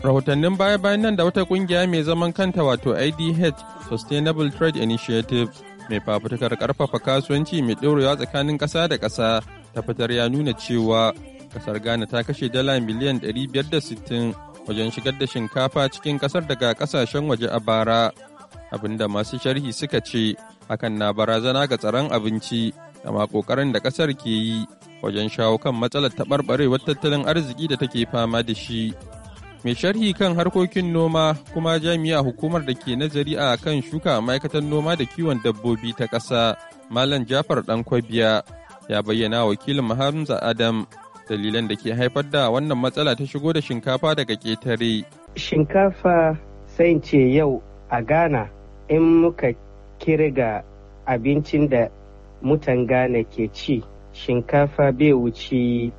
rahotannin baya-bayan nan da wata kungiya mai zaman kanta wato idh sustainable trade initiative mai fafutukar karfafa kasuwanci mai ɗorewa tsakanin ƙasa da ƙasa ta fitar ya nuna cewa ƙasar ghana ta kashe dala miliyan 560 wajen shigar da shinkafa cikin ƙasar daga ƙasashen waje a bara abinda masu sharhi suka ce hakan na barazana ga tsaron abinci da ma ƙoƙarin da ƙasar ke yi wajen shawo kan matsalar taɓarɓarewar tattalin arziki da take fama da shi. mai sharhi kan harkokin noma kuma jami'a hukumar da ke nazari a kan shuka ma'aikatan noma da kiwon dabbobi ta ƙasa malam jafar kwabiya ya bayyana wakilin mahamza adam dalilan da ke haifar da wannan matsala ta shigo da shinkafa daga ƙetare shinkafa sai ce yau a ghana in muka kirga abincin da mutan ghana ke ci shinkafa bai wuce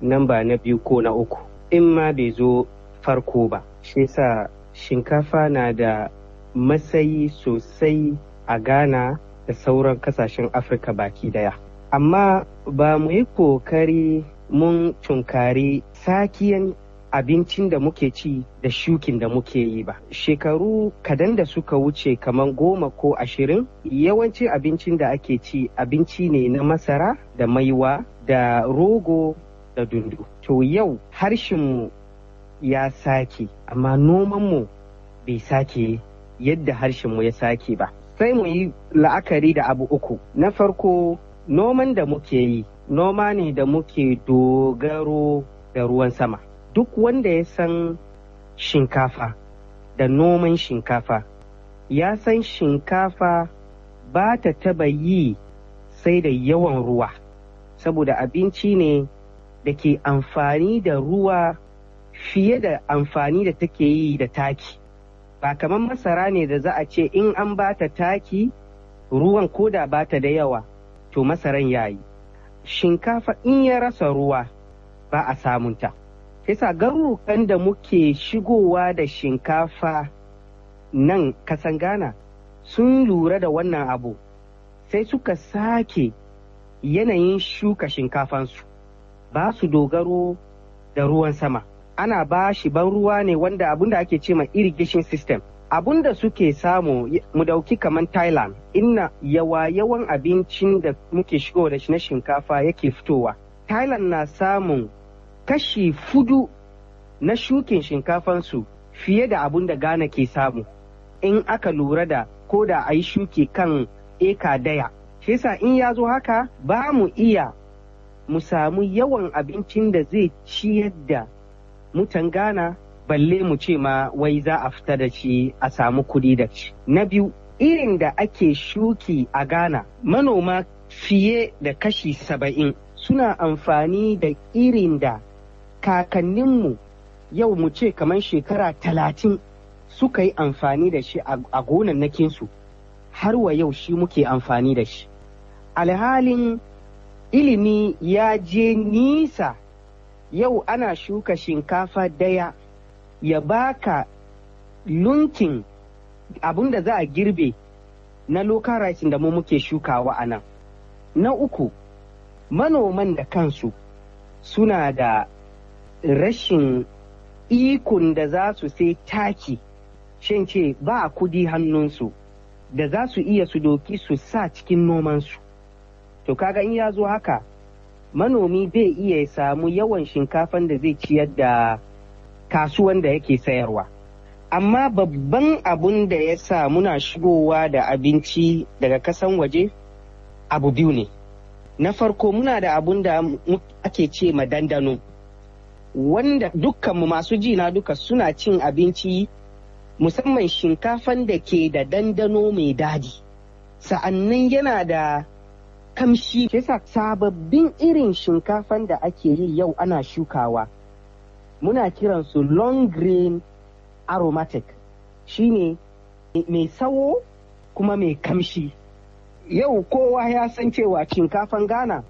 namba na biyu ko na uku in ma bai zo farko ba shi sa shinkafa na da matsayi sosai a ghana da sauran kasashen afirka baki daya amma ba mu yi kokari mun tunkari sakiyan abincin da muke ci da shukin da muke yi ba shekaru kadan da suka wuce kamar goma ko ashirin yawancin abincin da ake ci abinci ne na masara da maiwa da rogo da dundu to yau harshenmu ya sake amma nomanmu bai sake yadda harshenmu ya sake ba sai mu yi la'akari da abu uku na farko noman da muke yi noma ne da muke dogaro da ruwan sama duk wanda ya san shinkafa da noman shinkafa ya san shinkafa ba ta taba yi sai da yawan ruwa saboda abinci ne da ke amfani da ruwa fiye da amfani da take yi da taki ba kamar masara ne da za a ce in an bata taki ruwan ko koda bata da yawa to masaran yayi shinkafa in ya rasa ruwa ba a samunta yasa garurukan da muke shigowa da shinkafa nan kasan ghana sun lura da wannan abu sai suka sake yanayin shuka shinkafansu ba su dogaro da ruwan sama ana ba shi ban ruwa ne wanda abinda ake ce ma irrigation system abinda suke samu mu dauki kamar thailand inna yawa yawan abincin da muke shigo da shi na shinkafa yake fitowa thailand na samun kashi fudu na shukin shinkafansu fiye da abun da ghana ke samu in aka lura da ko da a yi shuki kan eka daya shi yasa in ya zo haka ba mu iya mu samu yawan abincin da zai ciyar da mutan Ghana balle mu ce ma wai za a fita da shi a samu kuɗi da shi. Na biyu irin da ake shuki a Ghana manoma fiye da kashi saba'in suna amfani da irin da kakanninmu yau mu ce kamar shekara talatin suka yi amfani da shi a gonannakinsu har wa yau shi muke amfani da shi. Alhalin ilimi ya je nisa yau ana shuka shinkafa daya ya baka lunkin abin da za a girbe na local da mu muke shukawa a nan. Na uku, manoman da kansu suna da rashin ikon da za su sai taki, shin ce ba a kudi hannunsu da za su iya su doki su sa cikin nomansu. To kaga in ya zo haka manomi bai iya samu yawan shinkafan da zai ciyar da kasuwan da yake sayarwa. Amma babban abun da ya sa muna shigowa da abinci daga kasan waje abu biyu ne. Na farko muna da abun da ake ce ma dandano. Wanda dukkanmu masu jina duka suna cin abinci musamman shinkafan da ke da dandano mai daji. Sa'annan yana da kamshi Kesa sababbin irin shinkafan da ake yi yau ana shukawa muna kiransu long green aromatic shine mai sawo kuma mai kamshi yau kowa ya san cewa shinkafan ghana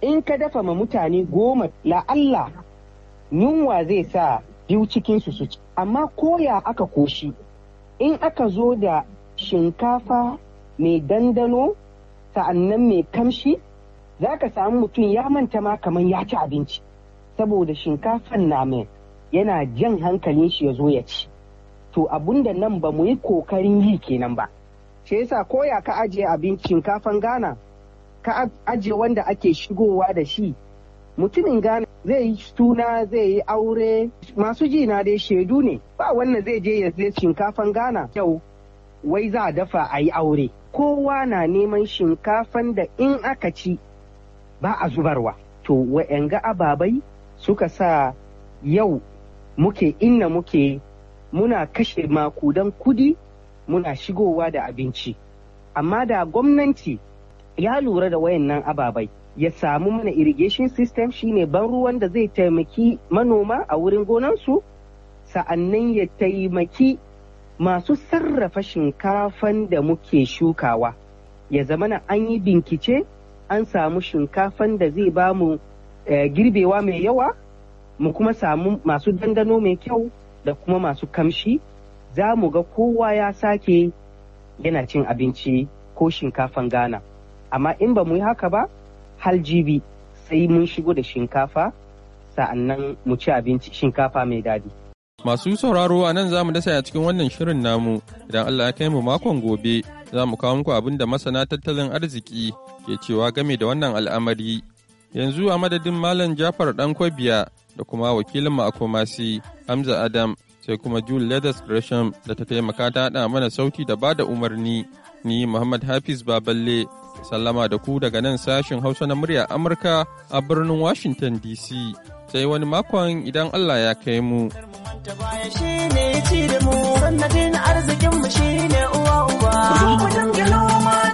in ka dafa ma mutane goma la'alla yunwa zai sa biyu cikinsu su ci amma koya aka koshi in aka zo da shinkafa mai dandano sa'annan mai kamshi za ka samu mutum ya manta ma kamar ya ci abinci saboda shinkafan mai yana jan hankalin shi ya zo ya ci to abun da nan ba mu yi kokarin yi kenan ba shi yasa ya ka ajiye abin shinkafan Ghana ka ajiye wanda ake shigowa da shi mutumin gana zai yi tuna zai yi aure masu ji na dai shaidu ne ba wannan zai je ya zai shinkafan gana kyau wai za a dafa a yi aure kowa na neman shinkafan da in aka ci ba a zubarwa to wa'yanga ababai suka sa yau muke inna muke muna kashe makudan kudi muna shigowa da abinci amma da gwamnati ya lura da wayannan ababai ya samu mana irrigation system shine ban ruwan da zai taimaki manoma a wurin gonansu sa'annan ya taimaki masu sarrafa shinkafan da muke shukawa ya zamana an yi binkice an samu shinkafan da zai ba mu eh, girbewa mai yawa mu kuma samu masu dandano mai kyau da kuma masu kamshi za mu ga kowa ya sake yana cin abinci ko shinkafan gana Amma in ba mu yi haka ba, hal jibi sai mun shigo da shinkafa, sa'annan mu ci abinci shinkafa mai daɗi. Masu sauraro a nan za mu dasa a cikin wannan shirin namu idan Allah ya kai mu makon gobe za mu kawo muku abin da masana tattalin arziki ke cewa game da wannan al'amari. Yanzu a madadin Malam Jafar Dan Kwabiya da kuma wakilin mu a Hamza Adam sai kuma Jule Leathers Gresham da ta taimaka ta haɗa mana sauti da bada umarni ni Muhammad Hafiz Baballe sallama da ku daga nan sashin Hausa na murya Amurka a birnin Washington DC sai wani makon idan Allah ya kai mu. ta baya shi ne ya da mu, sannadin arzikinmu shi ne uwa uba. Kudin galo ma